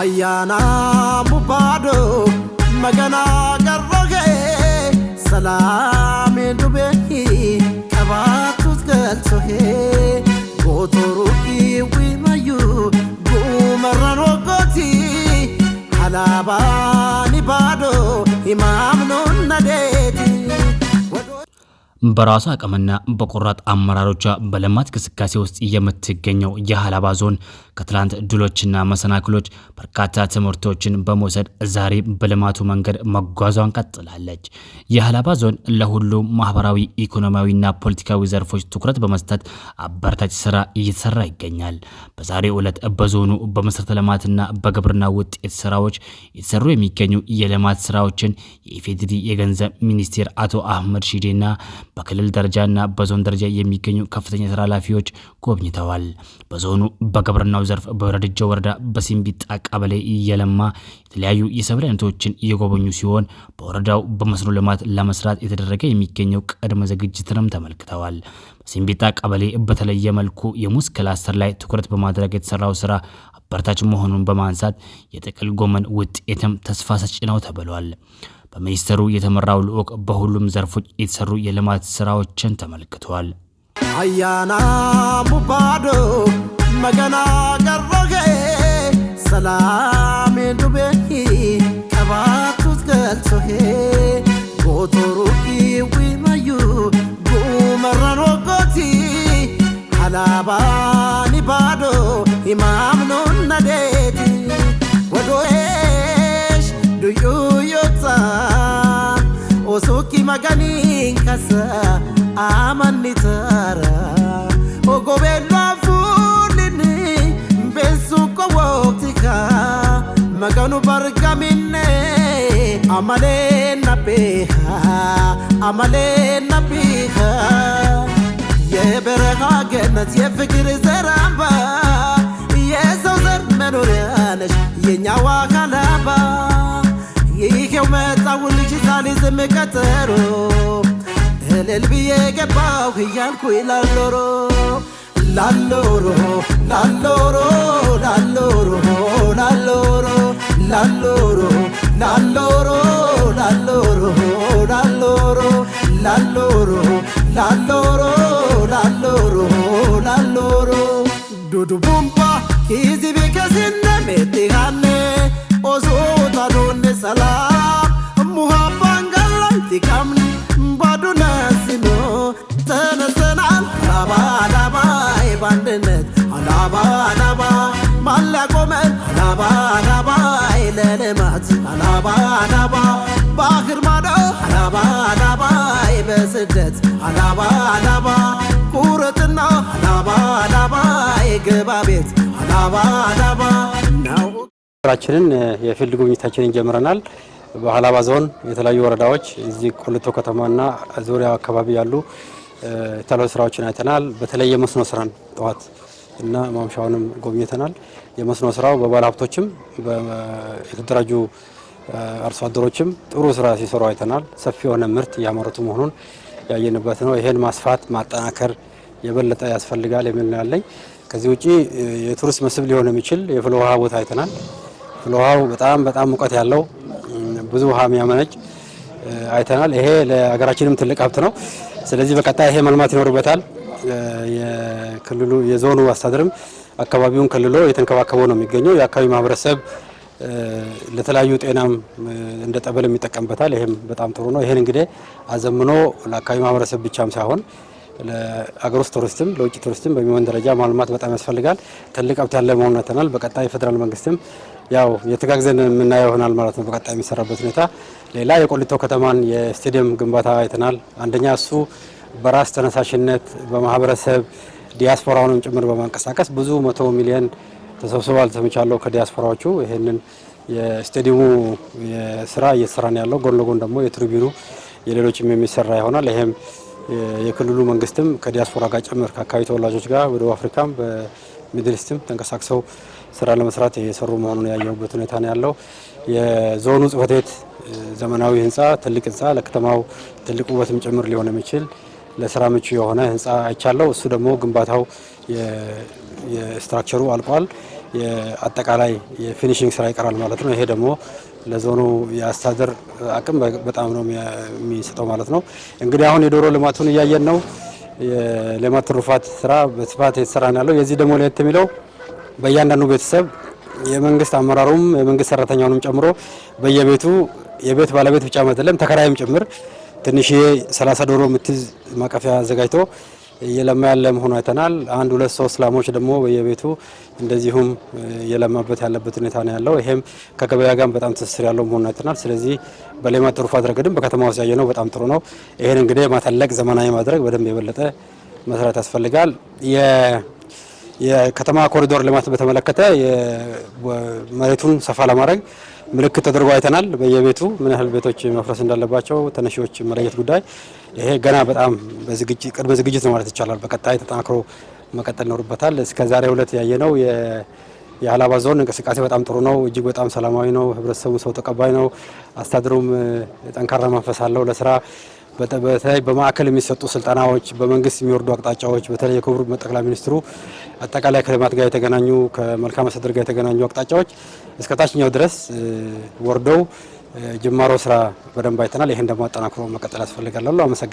አያና ሙባዶ መገና ቀረገ ሰላሜ ዱቤሂ ቀባቱት ገልሶሄ ጎቶሩቂ ዊመዩ ጉመረን ወጎቲ አላባኒ ባዶ ኢማምኖ በራሱ አቅምና በቆራጥ አመራሮቿ በልማት እንቅስቃሴ ውስጥ የምትገኘው የሀላባ ዞን ከትላንት ድሎችና መሰናክሎች በርካታ ትምህርቶችን በመውሰድ ዛሬ በልማቱ መንገድ መጓዟን ቀጥላለች። የሀላባ ዞን ለሁሉም ማህበራዊ፣ ኢኮኖሚያዊና ፖለቲካዊ ዘርፎች ትኩረት በመስጠት አበረታች ስራ እየተሰራ ይገኛል። በዛሬው ዕለት በዞኑ በመሰረተ ልማትና በግብርና ውጤት ስራዎች የተሰሩ የሚገኙ የልማት ስራዎችን የኢፌዴሪ የገንዘብ ሚኒስቴር አቶ አህመድ ሺዴና በክልል ደረጃና በዞን ደረጃ የሚገኙ ከፍተኛ ስራ ኃላፊዎች ጎብኝተዋል። በዞኑ በግብርናው ዘርፍ በረድጃ ወረዳ በሲምቢጣ ቀበሌ እየለማ የተለያዩ የሰብል አይነቶችን እየጎበኙ ሲሆን በወረዳው በመስኖ ልማት ለመስራት የተደረገ የሚገኘው ቅድመ ዝግጅትንም ተመልክተዋል። በሲምቢጣ ቀበሌ በተለየ መልኩ የሙስ ክላስተር ላይ ትኩረት በማድረግ የተሰራው ስራ አበረታች መሆኑን በማንሳት የጥቅል ጎመን ውጤትም ተስፋ ሰጭ ነው ተብሏል። በሚኒስትሩ የተመራው ልዑክ በሁሉም ዘርፎች የተሰሩ የልማት ስራዎችን ተመልክቷል። አያና ሙባዶ መገና ቀረገ ሰላሜ ዱቤ ቀባቱት ገልሶሄ ጎቶሩ ዊመዩ ጉመረን ወጎቲ አላባኒ ባዶ ኢማምኖ ነዴ Maganu bargamine amale nabiha amale nabiha የበረሃ ገነት የፍቅር ዘራባ የሰው ዘር መኖሪያ ነሽ የኛዋ ካላባ ይሄው መጣው ልጅ ሳልዝም ቀጠሮ እልል ብዬ ገባሁ እያልኩ ላሎሮ ላሎሮ ላሎሮ ላሎሮ ላሎሮ ላሎሮ ላሎሮ ላሎሮ ላሎሮ ላሎሮ ላሎሮ ላሎሮ ላሎሮ ዱዱ ቡምባ ኪዚ ቢከሲነ ሜቲሃነ ኦሶታ ዶነ ሰላም ሙሃባን ጋላይቲ ቀምኒ ተነሰናል አላባ አላባ የባንድነት አላባ አላባ ማላቆመን አላባ አላባ ልማት አላባ አላባ ባህር ማዶ አላባ አላባ በስደት አላባ አላባ ቁርጥና አላባ አላባ የገባ ቤት አላባ አላባ ነው። ስራችንን የፊልድ ጉብኝታችንን ጀምረናል። በሀላባ ዞን የተለያዩ ወረዳዎች እዚህ ቆልቶ ከተማና ዙሪያ አካባቢ ያሉ የተለያዩ ስራዎችን አይተናል። በተለይ የመስኖ ስራን ጠዋት እና ማምሻውንም ጎብኝተናል። የመስኖ ስራው በባለ ሀብቶችም የተደራጁ አርሶ አደሮችም ጥሩ ስራ ሲሰሩ አይተናል። ሰፊ የሆነ ምርት እያመረቱ መሆኑን ያየንበት ነው። ይሄን ማስፋት ማጠናከር የበለጠ ያስፈልጋል የሚል ነው ያለኝ። ከዚህ ውጪ የቱሪስት መስህብ ሊሆን የሚችል የፍል ውሃ ቦታ አይተናል። ፍል ውሃው በጣም በጣም ሙቀት ያለው ብዙ ውሃ የሚያመነጭ አይተናል። ይሄ ለሀገራችንም ትልቅ ሀብት ነው። ስለዚህ በቀጣይ ይሄ መልማት ይኖርበታል። የክልሉ የዞኑ አስተዳደርም አካባቢውን ክልሎ የተንከባከቦ ነው የሚገኘው። የአካባቢ ማህበረሰብ ለተለያዩ ጤናም እንደ ጠበል የሚጠቀምበታል። ይሄም በጣም ጥሩ ነው። ይሄን እንግዲህ አዘምኖ ለአካባቢ ማህበረሰብ ብቻም ሳይሆን ለአገር ውስጥ ቱሪስትም ለውጭ ቱሪስትም በሚሆን ደረጃ ማልማት በጣም ያስፈልጋል። ትልቅ ሀብት ያለ መሆኑን አይተናል። በቀጣይ ፌዴራል መንግስትም ያው የተጋግዘን የምናየው ይሆናል ማለት ነው። በቀጣይ የሚሰራበት ሁኔታ ሌላ የቆሊቶ ከተማን የስቴዲየም ግንባታ አይተናል። አንደኛ እሱ በራስ ተነሳሽነት በማህበረሰብ ዲያስፖራውንም ጭምር በማንቀሳቀስ ብዙ መቶ ሚሊዮን ተሰብስቧል። ተመቻለው ከዲያስፖራዎቹ ይህንን የስቴዲየሙ ስራ እየተሰራን ያለው ጎን ለጎን ደግሞ የትሪቢኑ የሌሎችም የሚሰራ ይሆናል። ይህም የክልሉ መንግስትም ከዲያስፖራ ጋር ጭምር ከአካባቢ ተወላጆች ጋር በደቡብ አፍሪካም በሚድልስትም ተንቀሳቅሰው ስራ ለመስራት የሰሩ መሆኑን ያየሁበት ሁኔታ ነው ያለው። የዞኑ ጽህፈት ቤት ዘመናዊ ህንፃ፣ ትልቅ ህንፃ ለከተማው ትልቅ ውበትም ጭምር ሊሆን የሚችል ለስራ ምቹ የሆነ ህንፃ አይቻለው። እሱ ደግሞ ግንባታው የስትራክቸሩ አልቋል። አጠቃላይ የፊኒሽንግ ስራ ይቀራል ማለት ነው። ይሄ ደግሞ ለዞኑ የአስተዳደር አቅም በጣም ነው የሚሰጠው ማለት ነው። እንግዲህ አሁን የዶሮ ልማቱን እያየን ነው። የሌማት ትሩፋት ስራ በስፋት የተሰራ ነው ያለው። የዚህ ደግሞ ለየት የሚለው በእያንዳንዱ ቤተሰብ የመንግስት አመራሩም የመንግስት ሰራተኛውንም ጨምሮ በየቤቱ የቤት ባለቤት ብቻ አይደለም ተከራይም ጭምር ትንሽዬ 30 ዶሮ የምትይዝ ማቀፊያ አዘጋጅቶ እየለማ ያለ መሆኑ አይተናል። አንድ ሁለት ሶስት ላሞች ደግሞ በየቤቱ እንደዚሁም እየለማበት ያለበት ሁኔታ ነው ያለው። ይሄም ከገበያ ጋር በጣም ትስስር ያለው መሆኑ አይተናል። ስለዚህ በሌማት ትሩፋት ረገድም በከተማ ውስጥ ያየነው በጣም ጥሩ ነው። ይሄን እንግዲህ ማተለቅ ዘመናዊ ማድረግ በደንብ የበለጠ መስራት ያስፈልጋል። የከተማ ኮሪዶር ልማት በተመለከተ መሬቱን ሰፋ ለማድረግ ምልክት ተደርጎ አይተናል። በየቤቱ ምን ያህል ቤቶች መፍረስ እንዳለባቸው ተነሺዎች መለየት ጉዳይ ይሄ ገና በጣም ቅድመ ዝግጅት ነው ማለት ይቻላል። በቀጣይ ተጠናክሮ መቀጠል ይኖርበታል። እስከ ዛሬ ሁለት ያየ ነው የሀላባ ዞን እንቅስቃሴ በጣም ጥሩ ነው። እጅግ በጣም ሰላማዊ ነው። ህብረተሰቡ ሰው ተቀባይ ነው። አስተዳደሩም ጠንካራ መንፈስ አለው ለስራ በተለይ በማዕከል የሚሰጡ ስልጠናዎች፣ በመንግስት የሚወርዱ አቅጣጫዎች፣ በተለይ የክቡር ጠቅላይ ሚኒስትሩ አጠቃላይ ከልማት ጋር የተገናኙ ከመልካም አስተዳደር ጋር የተገናኙ አቅጣጫዎች እስከ ታችኛው ድረስ ወርደው ጅማሮ ስራ በደንብ አይተናል። ይህን ደግሞ አጠናክሮ መቀጠል ያስፈልጋል። አመሰግናለሁ።